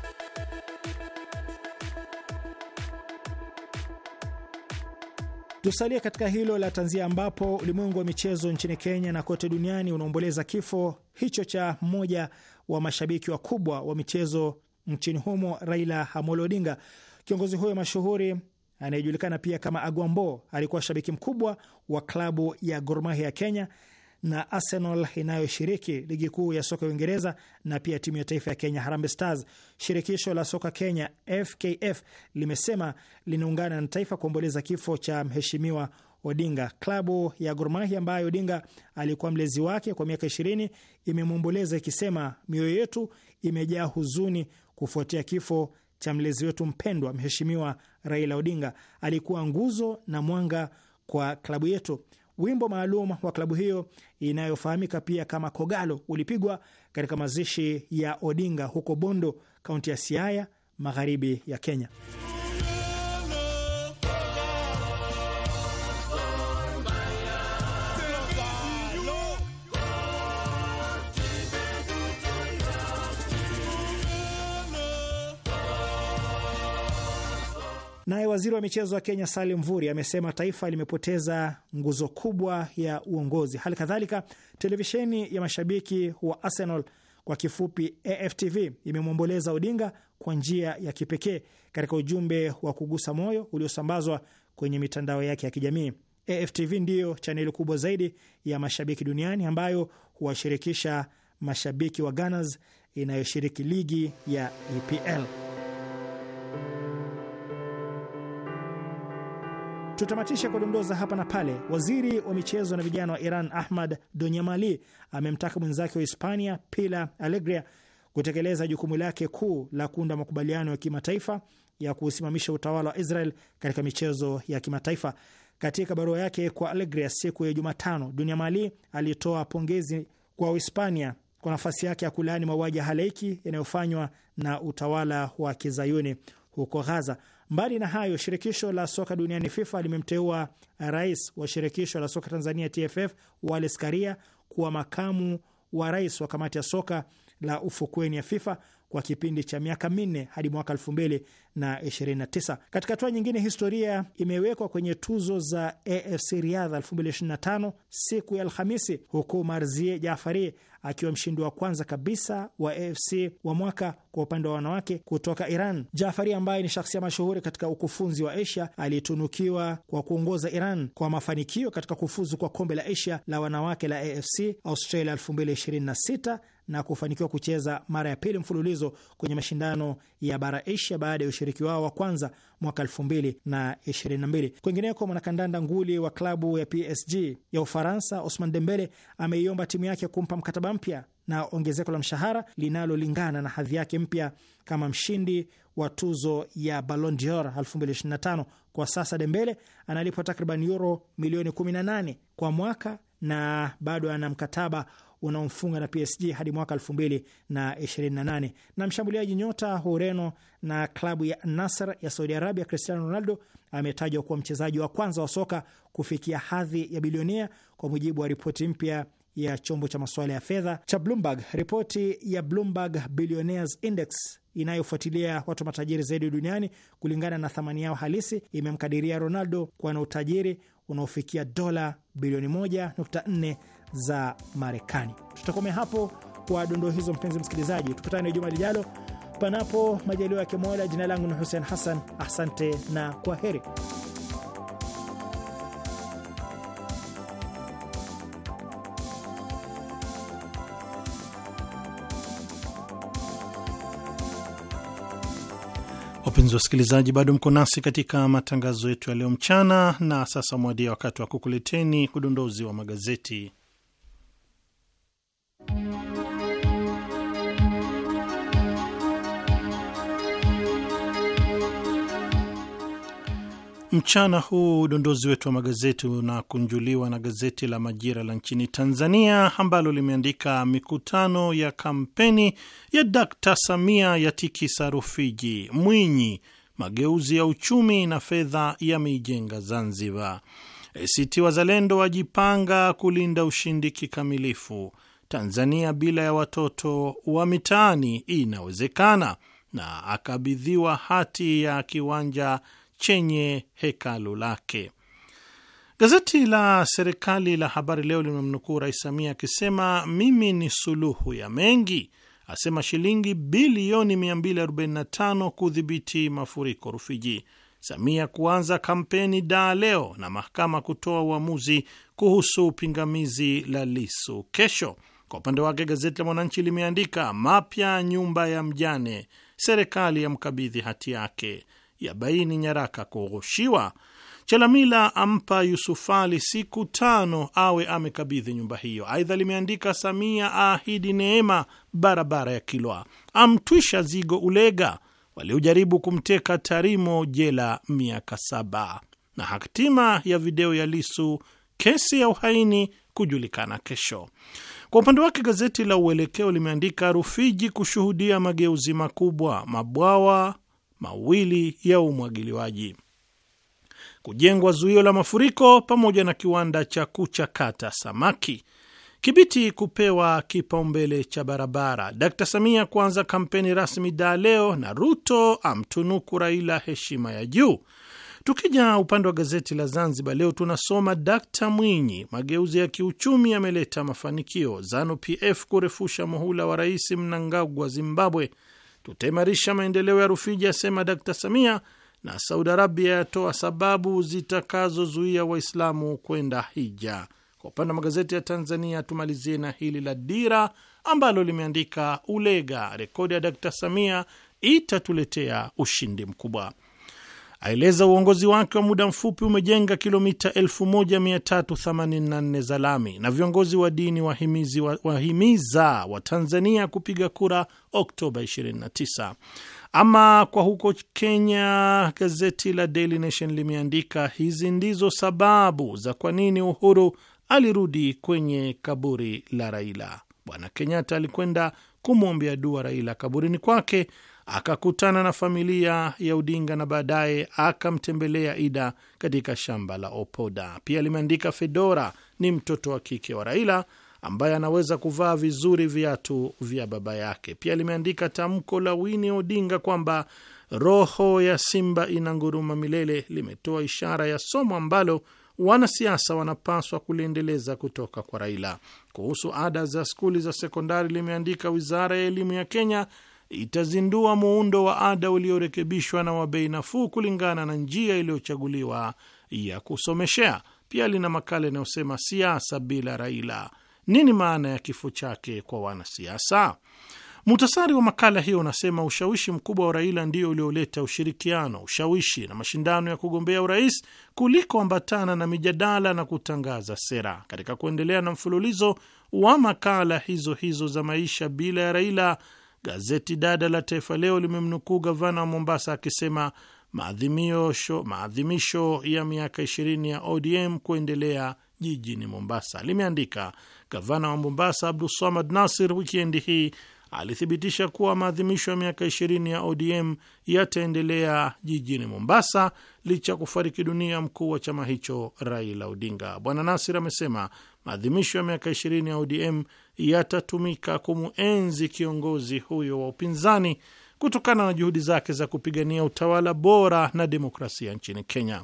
Tusalia katika hilo la tanzia, ambapo ulimwengu wa michezo nchini Kenya na kote duniani unaomboleza kifo hicho cha mmoja wa mashabiki wakubwa wa michezo nchini humo, Raila Amolo Odinga. Kiongozi huyo mashuhuri anayejulikana pia kama Agwambo alikuwa shabiki mkubwa wa klabu ya Gor Mahia ya Kenya na Arsenal inayoshiriki ligi kuu ya soka ya Uingereza na pia timu ya taifa ya Kenya Harambee Stars. Shirikisho la soka Kenya FKF limesema linaungana na taifa kuomboleza kifo cha mheshimiwa Odinga. Klabu ya Gor Mahia ambayo Odinga alikuwa mlezi wake kwa miaka ishirini imemwomboleza ikisema, mioyo yetu imejaa huzuni kufuatia kifo cha mlezi wetu mpendwa, mheshimiwa Raila Odinga. Alikuwa nguzo na mwanga kwa klabu yetu. Wimbo maalum wa klabu hiyo inayofahamika pia kama Kogalo ulipigwa katika mazishi ya Odinga huko Bondo, kaunti ya Siaya, magharibi ya Kenya. Naye waziri wa michezo wa Kenya Salim Mvuri amesema taifa limepoteza nguzo kubwa ya uongozi. Hali kadhalika televisheni ya mashabiki wa Arsenal kwa kifupi AFTV imemwomboleza Odinga kwa njia ya kipekee katika ujumbe wa kugusa moyo uliosambazwa kwenye mitandao yake ya kijamii. AFTV ndiyo chaneli kubwa zaidi ya mashabiki duniani ambayo huwashirikisha mashabiki wa Gunners inayoshiriki ligi ya EPL. Tutamatisha kwa dondoza hapa na pale. Waziri wa michezo na vijana wa Iran Ahmad Donyamali amemtaka mwenzake wa Hispania Pila Alegria kutekeleza jukumu lake kuu la kuunda makubaliano ya kimataifa ya kusimamisha utawala wa Israel katika michezo ya kimataifa. Katika barua yake kwa Alegria siku ya Jumatano, Donyamali alitoa pongezi kwa Uhispania kwa nafasi yake ya kulaani mauaji ya halaiki yanayofanywa na utawala wa kizayuni huko Ghaza. Mbali na hayo, shirikisho la soka duniani FIFA limemteua rais wa shirikisho la soka Tanzania TFF Wallace Karia kuwa makamu wa rais wa kamati ya soka la ufukweni ya FIFA kwa kipindi cha miaka minne hadi mwaka elfu mbili na 29. Katika hatua nyingine, historia imewekwa kwenye tuzo za AFC Riadha 2025 siku ya Alhamisi, huku Marzie Jafari akiwa mshindi wa kwanza kabisa wa AFC wa mwaka kwa upande wa wanawake kutoka Iran. Jafari ambaye ni shahsia mashuhuri katika ukufunzi wa Asia alitunukiwa kwa kuongoza Iran kwa mafanikio katika kufuzu kwa kombe la Asia la wanawake la AFC Australia 2026 na kufanikiwa kucheza mara ya pili mfululizo kwenye mashindano ya bara Asia baada ya ushiriki wao wa kwanza mwaka 2022. Kwingineko, mwanakandanda nguli wa klabu ya PSG ya Ufaransa Osman Dembele ameiomba timu yake kumpa mkataba mpya na ongezeko la mshahara linalolingana na hadhi yake mpya kama mshindi wa tuzo ya Ballon d'Or 2025. Kwa sasa Dembele analipwa takriban euro milioni 18 kwa mwaka na bado ana mkataba unaomfunga na PSG hadi mwaka 2028. Na mshambuliaji nyota Ureno na klabu ya Nasr ya Saudi Arabia, Cristiano Ronaldo ametajwa kuwa mchezaji wa kwanza wa soka kufikia hadhi ya bilionea kwa mujibu wa ripoti mpya ya chombo cha masuala ya fedha cha Bloomberg. Ripoti ya Bloomberg Billionaires Index inayofuatilia watu matajiri zaidi duniani kulingana na thamani yao halisi imemkadiria Ronaldo kuwa na utajiri unaofikia dola bilioni 1.4 za Marekani. Tutakomea hapo kwa dondoo hizo, mpenzi msikilizaji. Tukutane juma lijalo, panapo majaliwa yake Mola. Jina langu ni Hussein Hassan, asante na kwa heri. Wapenzi wasikilizaji, bado mko nasi katika matangazo yetu ya leo mchana, na sasa mwadia wakati wa kukuleteni udondozi wa magazeti. Mchana huu udondozi wetu wa magazeti unakunjuliwa na gazeti la Majira la nchini Tanzania ambalo limeandika mikutano ya kampeni ya Dkt. Samia yatikisa Rufiji, Mwinyi mageuzi ya uchumi na fedha yameijenga Zanzibar, ACT Wazalendo wajipanga kulinda ushindi kikamilifu, Tanzania bila ya watoto wa mitaani inawezekana, na akabidhiwa hati ya kiwanja chenye hekalu lake. Gazeti la serikali la Habari Leo limemnukuu Rais Samia akisema mimi ni suluhu ya mengi, asema shilingi bilioni 245 kudhibiti mafuriko Rufiji. Samia kuanza kampeni daa leo na mahakama kutoa uamuzi kuhusu pingamizi la Lisu kesho. Kwa upande wake gazeti la Mwananchi limeandika mapya nyumba ya mjane, serikali yamkabidhi hati yake ya baini nyaraka kughushiwa. Chalamila ampa Yusufali siku tano awe amekabidhi nyumba hiyo. Aidha limeandika Samia aahidi neema barabara ya Kilwa, amtwisha zigo Ulega waliojaribu kumteka Tarimo jela miaka saba, na hatima ya video ya Lisu kesi ya uhaini kujulikana kesho. Kwa upande wake gazeti la Uelekeo limeandika Rufiji kushuhudia mageuzi makubwa, mabwawa mawili ya umwagiliwaji, kujengwa zuio la mafuriko pamoja na kiwanda cha kuchakata samaki, Kibiti kupewa kipaumbele cha barabara, Dkt Samia kuanza kampeni rasmi daa leo, na Ruto amtunuku Raila heshima ya juu. Tukija upande wa gazeti la Zanzibar Leo tunasoma Dkt Mwinyi, mageuzi ya kiuchumi yameleta mafanikio, ZANU PF kurefusha muhula wa Rais Mnangagwa Zimbabwe, tutaimarisha maendeleo ya Rufiji, asema Dkt Samia, na Saudi Arabia yatoa sababu zitakazozuia Waislamu kwenda hija. Kwa upande wa magazeti ya Tanzania, tumalizie na hili la Dira ambalo limeandika ulega, rekodi ya Dkt Samia itatuletea ushindi mkubwa aeleza uongozi wake wa muda mfupi umejenga kilomita 1384 za lami, na viongozi wa dini wahimizi, wahimiza tanzania kupiga kura Oktoba 29. Ama kwa huko Kenya, gazeti la Daily Nation limeandika hizi ndizo sababu za kwa nini Uhuru alirudi kwenye kaburi la Raila. Bwana Kenyatta alikwenda kumwombea dua Raila kaburini kwake akakutana na familia ya Odinga na baadaye akamtembelea Ida katika shamba la Opoda. Pia limeandika Fedora ni mtoto wa kike wa Raila ambaye anaweza kuvaa vizuri viatu vya baba yake. Pia limeandika tamko la Winnie Odinga kwamba roho ya simba ina nguruma milele, limetoa ishara ya somo ambalo wanasiasa wanapaswa kuliendeleza kutoka kwa Raila. Kuhusu ada za skuli za sekondari, limeandika wizara ya elimu ya Kenya itazindua muundo wa ada uliorekebishwa na wa bei nafuu kulingana na njia iliyochaguliwa ya kusomeshea. Pia lina makala inayosema siasa bila Raila, nini maana ya kifo chake kwa wanasiasa? Muhtasari wa makala hiyo unasema ushawishi mkubwa wa Raila ndio ulioleta ushirikiano, ushawishi na mashindano ya kugombea urais kuliko ambatana na mijadala na kutangaza sera. Katika kuendelea na mfululizo wa makala hizo hizo za maisha bila ya Raila, Gazeti dada la Taifa Leo limemnukuu gavana wa Mombasa akisema maadhimisho ya miaka 20 ya ODM kuendelea jijini Mombasa. Limeandika gavana wa Mombasa Abdulsamad Nasir wikendi hii alithibitisha kuwa maadhimisho ya miaka 20 ya ODM yataendelea jijini Mombasa licha ya kufariki dunia mkuu wa chama hicho Raila Odinga. Bwana Nasir amesema maadhimisho ya miaka 20 ya ODM yatatumika kumuenzi kiongozi huyo wa upinzani kutokana na juhudi zake za kupigania utawala bora na demokrasia nchini Kenya.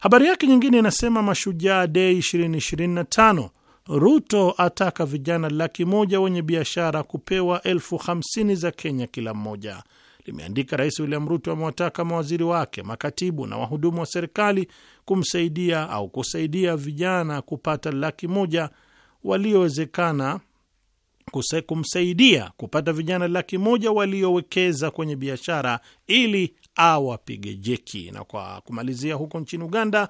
Habari yake nyingine inasema Mashujaa Dei 2025 Ruto ataka vijana laki moja wenye biashara kupewa elfu hamsini za Kenya kila mmoja. Limeandika Rais William Ruto amewataka mawaziri wake, makatibu na wahudumu wa serikali kumsaidia au kusaidia vijana kupata laki moja waliowezekana kumsaidia kupata vijana laki moja waliowekeza kwenye biashara ili awapige jeki. Na kwa kumalizia, huko nchini Uganda,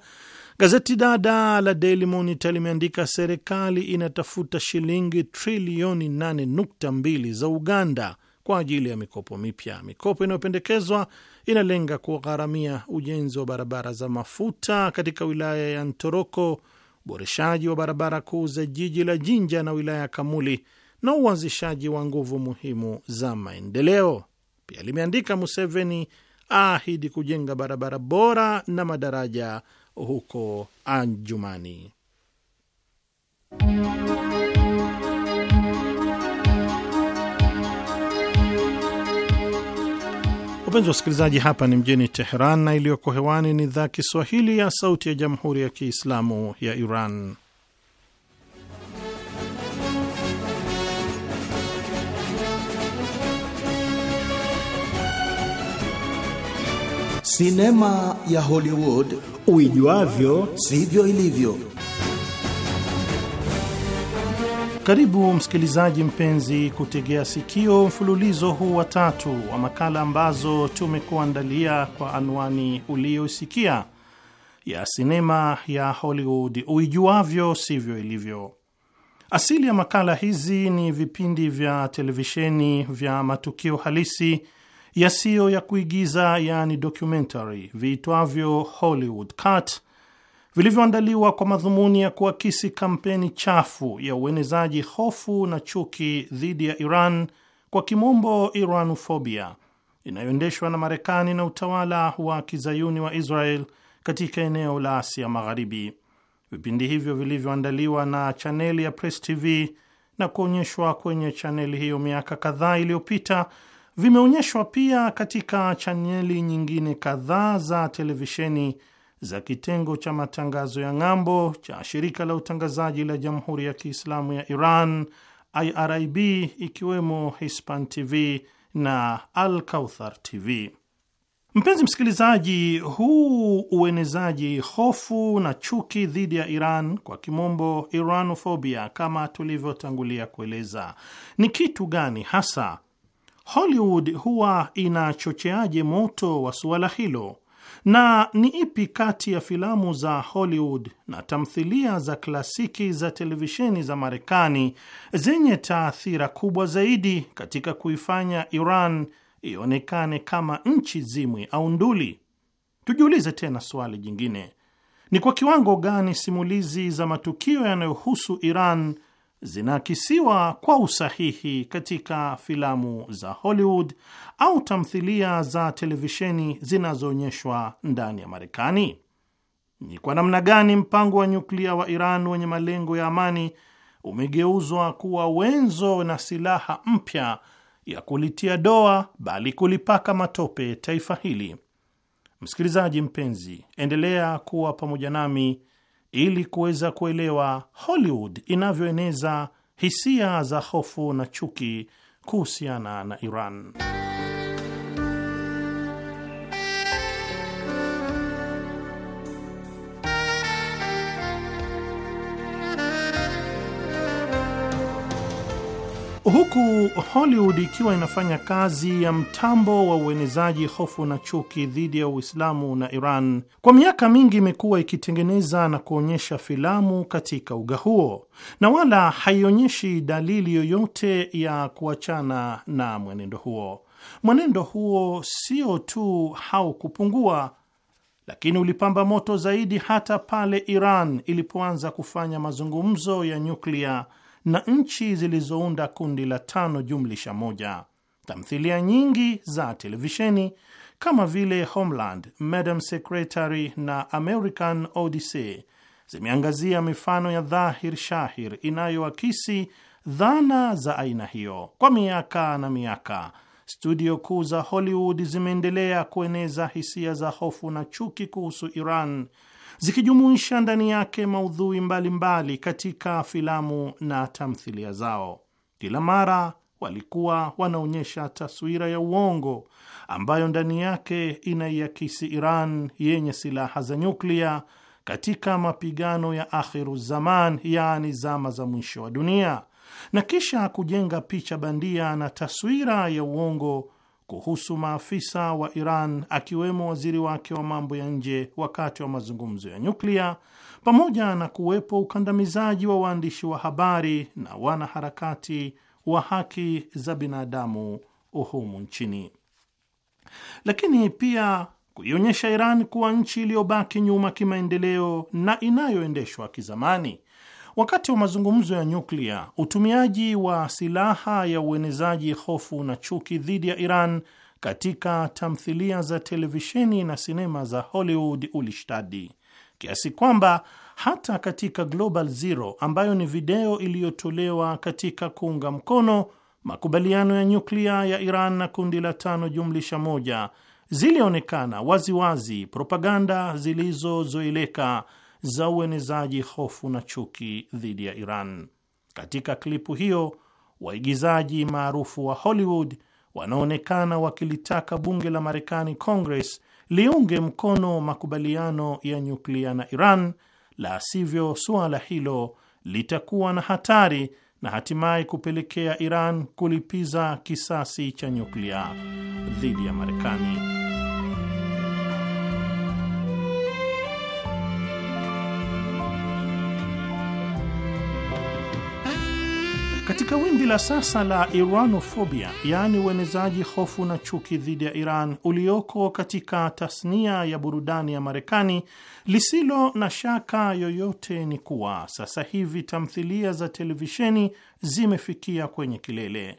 gazeti dada la Daily Monitor limeandika serikali inatafuta shilingi trilioni 8.2 za Uganda kwa ajili ya mikopo mipya. Mikopo inayopendekezwa inalenga kugharamia ujenzi wa barabara za mafuta katika wilaya ya Ntoroko, uboreshaji wa barabara kuu za jiji la Jinja na wilaya ya Kamuli na uanzishaji wa nguvu muhimu za maendeleo. Pia limeandika Museveni aahidi kujenga barabara bora na madaraja huko Anjumani. Wapenzi wa wasikilizaji, hapa ni mjini Teheran na iliyoko hewani ni idhaa Kiswahili ya Sauti ya Jamhuri ya Kiislamu ya Iran. Sinema ya Hollywood uijuavyo sivyo ilivyo. Karibu msikilizaji mpenzi kutegea sikio mfululizo huu wa tatu wa makala ambazo tumekuandalia kwa anwani uliyosikia ya sinema ya Hollywood uijuavyo sivyo ilivyo. Asili ya makala hizi ni vipindi vya televisheni vya matukio halisi yasiyo ya kuigiza yani documentary viitwavyo Hollywood Cut vilivyoandaliwa kwa madhumuni ya kuakisi kampeni chafu ya uenezaji hofu na chuki dhidi ya Iran, kwa kimombo Iranophobia, inayoendeshwa na Marekani na utawala wa kizayuni wa Israel katika eneo la Asia Magharibi. Vipindi hivyo vilivyoandaliwa na chaneli ya Press TV na kuonyeshwa kwenye chaneli hiyo miaka kadhaa iliyopita vimeonyeshwa pia katika chaneli nyingine kadhaa za televisheni za kitengo cha matangazo ya ng'ambo cha shirika la utangazaji la Jamhuri ya Kiislamu ya Iran IRIB, ikiwemo Hispan TV na Al Kauthar TV. Mpenzi msikilizaji, huu uenezaji hofu na chuki dhidi ya Iran, kwa kimombo Iranofobia, kama tulivyotangulia kueleza, ni kitu gani hasa? Hollywood huwa inachocheaje moto wa suala hilo, na ni ipi kati ya filamu za Hollywood na tamthilia za klasiki za televisheni za Marekani zenye taathira kubwa zaidi katika kuifanya Iran ionekane kama nchi zimwi au nduli? Tujiulize tena swali jingine, ni kwa kiwango gani simulizi za matukio yanayohusu Iran zinaakisiwa kwa usahihi katika filamu za Hollywood au tamthilia za televisheni zinazoonyeshwa ndani ya Marekani? Ni kwa namna gani mpango wa nyuklia wa Iran wenye malengo ya amani umegeuzwa kuwa wenzo na silaha mpya ya kulitia doa bali kulipaka matope taifa hili? Msikilizaji mpenzi, endelea kuwa pamoja nami ili kuweza kuelewa Hollywood inavyoeneza hisia za hofu na chuki kuhusiana na Iran. Huku Hollywood ikiwa inafanya kazi ya mtambo wa uenezaji hofu na chuki dhidi ya Uislamu na Iran, kwa miaka mingi imekuwa ikitengeneza na kuonyesha filamu katika uga huo na wala haionyeshi dalili yoyote ya kuachana na mwenendo huo. Mwenendo huo sio tu haukupungua, lakini ulipamba moto zaidi hata pale Iran ilipoanza kufanya mazungumzo ya nyuklia na nchi zilizounda kundi la tano jumlisha moja. Tamthilia nyingi za televisheni kama vile Homeland, Madam Secretary na American Odyssey zimeangazia mifano ya dhahir shahir inayoakisi dhana za aina hiyo. Kwa miaka na miaka, studio kuu za Hollywood zimeendelea kueneza hisia za hofu na chuki kuhusu Iran zikijumuisha ndani yake maudhui mbalimbali mbali katika filamu na tamthilia zao. Kila mara walikuwa wanaonyesha taswira ya uongo ambayo ndani yake inaiakisi Iran yenye silaha za nyuklia katika mapigano ya akhiru zaman, yaani zama za mwisho wa dunia, na kisha kujenga picha bandia na taswira ya uongo kuhusu maafisa wa Iran akiwemo waziri wake wa mambo ya nje wakati wa mazungumzo ya nyuklia, pamoja na kuwepo ukandamizaji wa waandishi wa habari na wanaharakati wa haki za binadamu humu nchini, lakini pia kuionyesha Iran kuwa nchi iliyobaki nyuma kimaendeleo na inayoendeshwa kizamani Wakati wa mazungumzo ya nyuklia, utumiaji wa silaha ya uenezaji hofu na chuki dhidi ya Iran katika tamthilia za televisheni na sinema za Hollywood ulishtadi kiasi kwamba hata katika Global Zero ambayo ni video iliyotolewa katika kuunga mkono makubaliano ya nyuklia ya Iran na kundi la tano jumlisha moja zilionekana waziwazi propaganda zilizozoeleka za uenezaji hofu na chuki dhidi ya Iran. Katika klipu hiyo, waigizaji maarufu wa Hollywood wanaonekana wakilitaka bunge la Marekani, Congress, liunge mkono makubaliano ya nyuklia na Iran, la sivyo suala hilo litakuwa na hatari na hatimaye kupelekea Iran kulipiza kisasi cha nyuklia dhidi ya Marekani. Katika wimbi la sasa la Iranofobia, yaani uenezaji hofu na chuki dhidi ya Iran ulioko katika tasnia ya burudani ya Marekani, lisilo na shaka yoyote ni kuwa sasa hivi tamthilia za televisheni zimefikia kwenye kilele.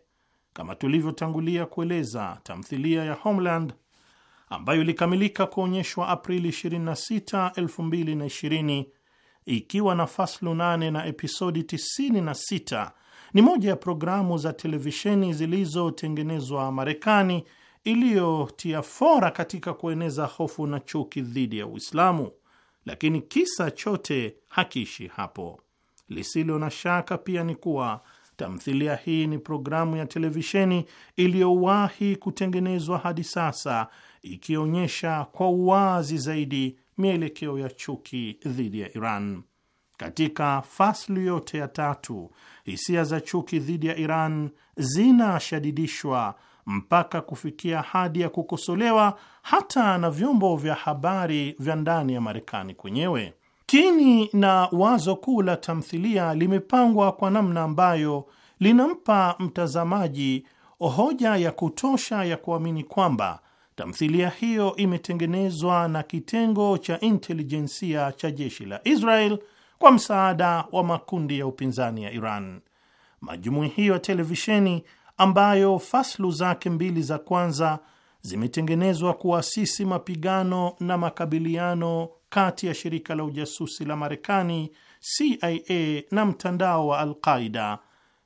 Kama tulivyotangulia kueleza, tamthilia ya Homeland ambayo ilikamilika kuonyeshwa Aprili 26, 2020 ikiwa na faslu 8 na episodi 96 ni moja ya programu za televisheni zilizotengenezwa Marekani iliyotia fora katika kueneza hofu na chuki dhidi ya Uislamu. Lakini kisa chote hakiishi hapo. Lisilo na shaka pia ni kuwa tamthilia hii ni programu ya televisheni iliyowahi kutengenezwa hadi sasa, ikionyesha kwa uwazi zaidi mielekeo ya chuki dhidi ya Iran. Katika fasli yote ya tatu, hisia za chuki dhidi ya Iran zinashadidishwa mpaka kufikia hadi ya kukosolewa hata na vyombo vya habari vya ndani ya Marekani kwenyewe. Kini na wazo kuu la tamthilia limepangwa kwa namna ambayo linampa mtazamaji hoja ya kutosha ya kuamini kwamba tamthilia hiyo imetengenezwa na kitengo cha intelijensia cha jeshi la Israel kwa msaada wa makundi ya upinzani ya Iran. Majumui hiyo ya televisheni ambayo faslu zake mbili za kwanza zimetengenezwa kuasisi mapigano na makabiliano kati ya shirika la ujasusi la Marekani CIA na mtandao wa Alqaida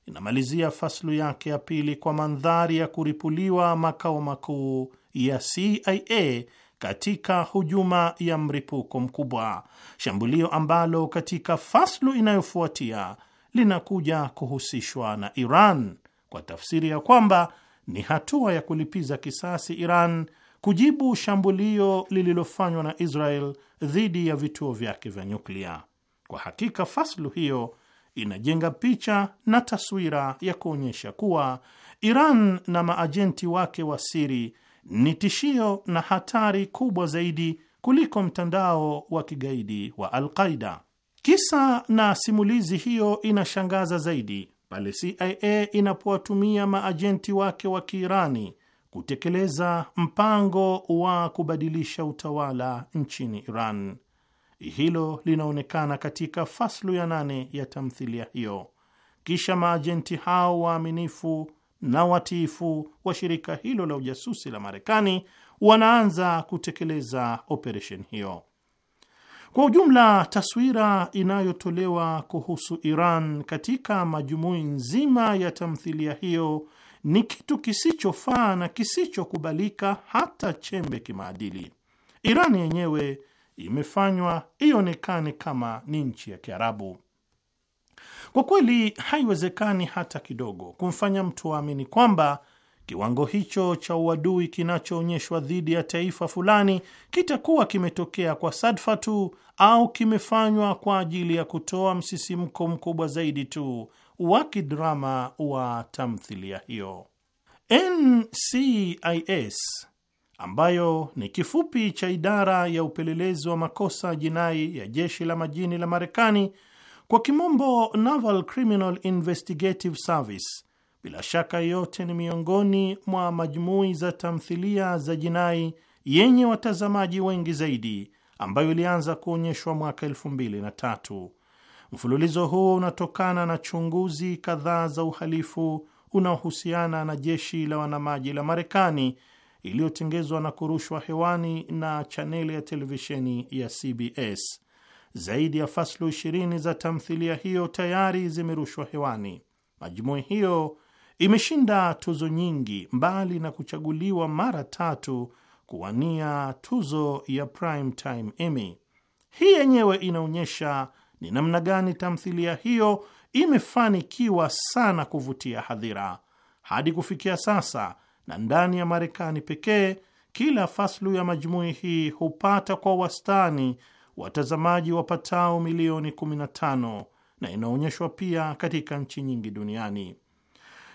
inamalizia faslu yake ya pili kwa mandhari ya kuripuliwa makao makuu ya CIA katika hujuma ya mripuko mkubwa, shambulio ambalo katika faslu inayofuatia linakuja kuhusishwa na Iran kwa tafsiri ya kwamba ni hatua ya kulipiza kisasi Iran kujibu shambulio lililofanywa na Israel dhidi ya vituo vyake vya nyuklia. Kwa hakika faslu hiyo inajenga picha na taswira ya kuonyesha kuwa Iran na maajenti wake wa siri ni tishio na hatari kubwa zaidi kuliko mtandao wa kigaidi wa Alqaida. Kisa na simulizi hiyo inashangaza zaidi pale CIA inapowatumia maajenti wake wa Kiirani kutekeleza mpango wa kubadilisha utawala nchini Iran. Hilo linaonekana katika faslu ya nane ya tamthilia hiyo. Kisha maajenti hao waaminifu na watiifu wa shirika hilo la ujasusi la Marekani wanaanza kutekeleza operesheni hiyo. Kwa ujumla, taswira inayotolewa kuhusu Iran katika majumui nzima ya tamthilia hiyo ni kitu kisichofaa na kisichokubalika hata chembe kimaadili. Iran yenyewe imefanywa ionekane kama ni nchi ya Kiarabu. Kwa kweli haiwezekani hata kidogo kumfanya mtu aamini kwamba kiwango hicho cha uadui kinachoonyeshwa dhidi ya taifa fulani kitakuwa kimetokea kwa sadfa tu au kimefanywa kwa ajili ya kutoa msisimko mkubwa zaidi tu wa kidrama wa tamthilia hiyo. NCIS ambayo ni kifupi cha idara ya upelelezi wa makosa jinai ya jeshi la majini la Marekani kwa kimombo Naval Criminal Investigative Service, bila shaka yote ni miongoni mwa majumui za tamthilia za jinai yenye watazamaji wengi zaidi ambayo ilianza kuonyeshwa mwaka elfu mbili na tatu. Mfululizo huo unatokana na chunguzi kadhaa za uhalifu unaohusiana na jeshi la wanamaji la Marekani iliyotengezwa na kurushwa hewani na chaneli ya televisheni ya CBS zaidi ya faslu 20 za tamthilia hiyo tayari zimerushwa hewani. Majumui hiyo imeshinda tuzo nyingi, mbali na kuchaguliwa mara tatu kuwania tuzo ya Primetime Emmy. Hii yenyewe inaonyesha ni namna gani tamthilia hiyo imefanikiwa sana kuvutia hadhira hadi kufikia sasa, na ndani ya Marekani pekee kila faslu ya majumui hii hupata kwa wastani watazamaji wapatao milioni 15 na inaonyeshwa pia katika nchi nyingi duniani.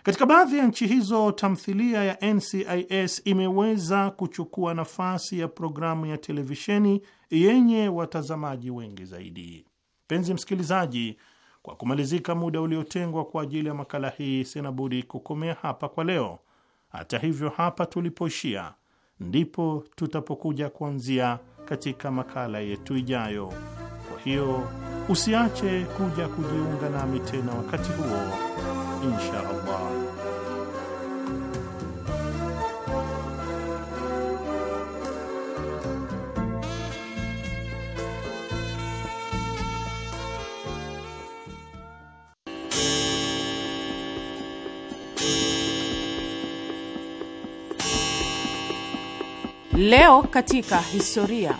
Katika baadhi ya nchi hizo, tamthilia ya NCIS imeweza kuchukua nafasi ya programu ya televisheni yenye watazamaji wengi zaidi. Mpenzi msikilizaji, kwa kumalizika muda uliotengwa kwa ajili ya makala hii, sina budi kukomea hapa kwa leo. Hata hivyo, hapa tulipoishia ndipo tutapokuja kuanzia katika makala yetu ijayo. Kwa hiyo usiache kuja kujiunga nami tena wakati huo, insha Allah. Leo katika historia.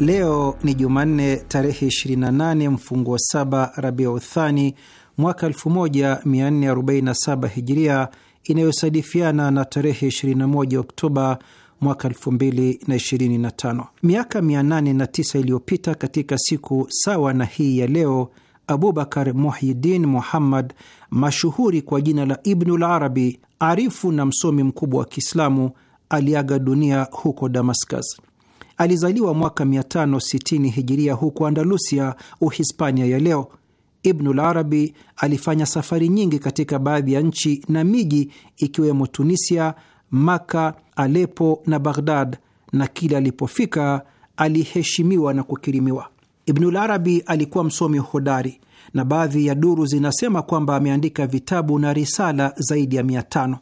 Leo ni Jumanne tarehe 28 mfunguo saba Rabiu Thani mwaka 1447 Hijiria, inayosadifiana na tarehe 21 Oktoba mwaka 2025. Miaka 809 iliyopita katika siku sawa na hii ya leo Abubakar Muhyiddin Muhammad, mashuhuri kwa jina la Ibnul Arabi, arifu na msomi mkubwa wa Kiislamu, aliaga dunia huko Damascus. Alizaliwa mwaka 560 hijiria huko Andalusia, Uhispania ya leo. Ibnul Arabi alifanya safari nyingi katika baadhi ya nchi na miji ikiwemo Tunisia, Maka, Alepo na Baghdad, na kila alipofika aliheshimiwa na kukirimiwa. Ibnul Arabi alikuwa msomi hodari na baadhi ya duru zinasema kwamba ameandika vitabu na risala zaidi ya mia tano.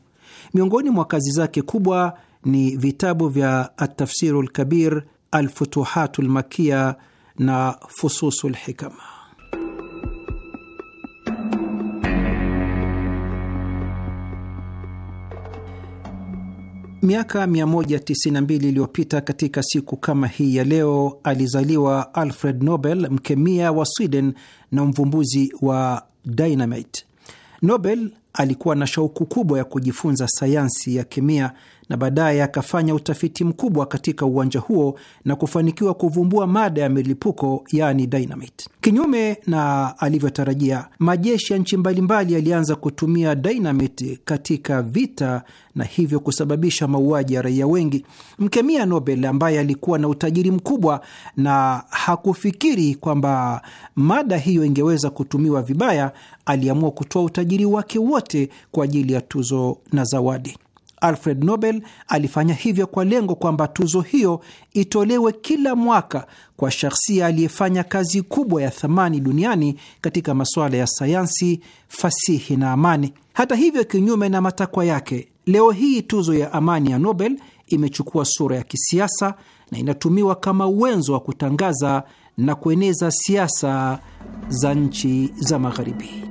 Miongoni mwa kazi zake kubwa ni vitabu vya Atafsiru lkabir, Alfutuhatu lmakia na Fususu lhikama. Miaka 192 iliyopita katika siku kama hii ya leo alizaliwa Alfred Nobel, mkemia wa Sweden na mvumbuzi wa dynamite. Nobel alikuwa na shauku kubwa ya kujifunza sayansi ya kemia na baadaye akafanya utafiti mkubwa katika uwanja huo na kufanikiwa kuvumbua mada ya milipuko yaani dynamite. Kinyume na alivyotarajia, majeshi ya nchi mbalimbali yalianza kutumia dynamite katika vita na hivyo kusababisha mauaji ya raia wengi. Mkemia Nobel ambaye alikuwa na utajiri mkubwa na hakufikiri kwamba mada hiyo ingeweza kutumiwa vibaya, aliamua kutoa utajiri wake wote kwa ajili ya tuzo na zawadi. Alfred Nobel alifanya hivyo kwa lengo kwamba tuzo hiyo itolewe kila mwaka kwa shahsia aliyefanya kazi kubwa ya thamani duniani katika masuala ya sayansi, fasihi na amani. Hata hivyo, kinyume na matakwa yake, leo hii tuzo ya amani ya Nobel imechukua sura ya kisiasa na inatumiwa kama uwenzo wa kutangaza na kueneza siasa za nchi za Magharibi.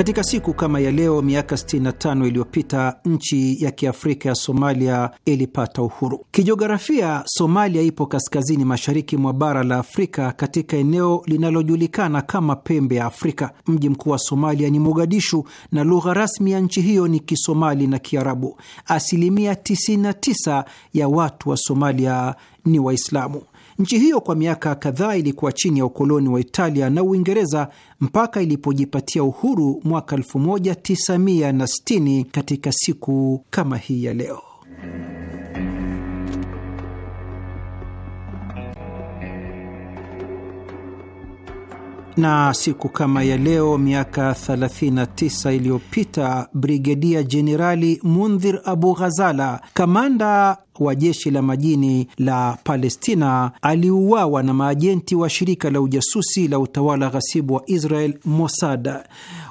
Katika siku kama ya leo miaka 65 iliyopita nchi ya kiafrika ya Somalia ilipata uhuru. Kijiografia, Somalia ipo kaskazini mashariki mwa bara la Afrika, katika eneo linalojulikana kama pembe ya Afrika. Mji mkuu wa Somalia ni Mogadishu na lugha rasmi ya nchi hiyo ni Kisomali na Kiarabu. Asilimia 99 ya watu wa Somalia ni Waislamu. Nchi hiyo kwa miaka kadhaa ilikuwa chini ya ukoloni wa Italia na Uingereza mpaka ilipojipatia uhuru mwaka 1960 katika siku kama hii ya leo. na siku kama ya leo miaka 39 iliyopita Brigedia Jenerali Mundhir Abu Ghazala, kamanda wa jeshi la majini la Palestina aliuawa na maajenti wa shirika la ujasusi la utawala ghasibu wa Israel, Mossad.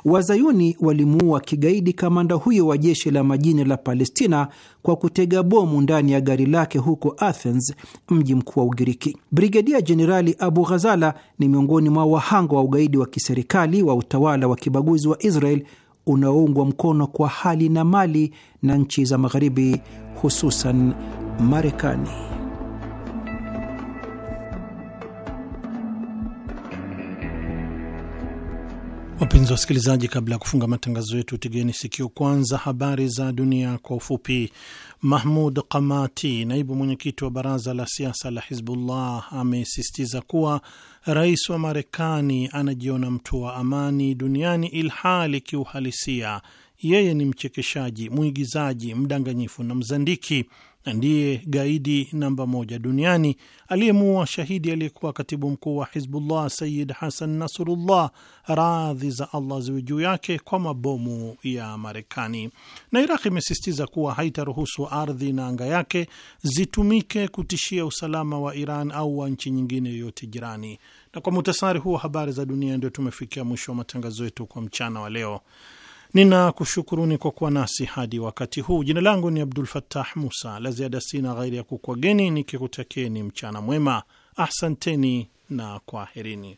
Wazayuni walimuua kigaidi kamanda huyo wa jeshi la majini la Palestina kwa kutega bomu ndani ya gari lake huko Athens, mji mkuu wa Ugiriki. Brigedia Jenerali Abu Ghazala ni miongoni mwa wahanga wa ugaidi wa kiserikali wa utawala wa kibaguzi wa Israel unaoungwa mkono kwa hali na mali na nchi za Magharibi hususan Marekani. Wapenzi wasikilizaji, kabla ya kufunga matangazo yetu, tigeni sikio kwanza habari za dunia kwa ufupi. Mahmud Qamati, naibu mwenyekiti wa baraza la siasa la Hizbullah, amesisitiza kuwa rais wa Marekani anajiona mtu wa amani duniani ilhali kiuhalisia yeye ni mchekeshaji, mwigizaji, mdanganyifu na mzandiki, na ndiye gaidi namba moja duniani aliyemuua shahidi aliyekuwa katibu mkuu wa Hizbullah Sayid Hasan Nasrullah, radhi za Allah ziwe juu yake, kwa mabomu ya Marekani. Na Iraq imesisitiza kuwa haitaruhusu ardhi na anga yake zitumike kutishia usalama wa Iran au wa nchi nyingine yoyote jirani. Na kwa muhtasari huo habari za dunia, ndio tumefikia mwisho wa matangazo yetu kwa mchana wa leo. Ninakushukuruni kwa kuwa nasi hadi wakati huu. Jina langu ni Abdul Fattah Musa. La ziada sina ghairi ya kukwageni nikikutakeni mchana mwema. Ahsanteni na kwaherini.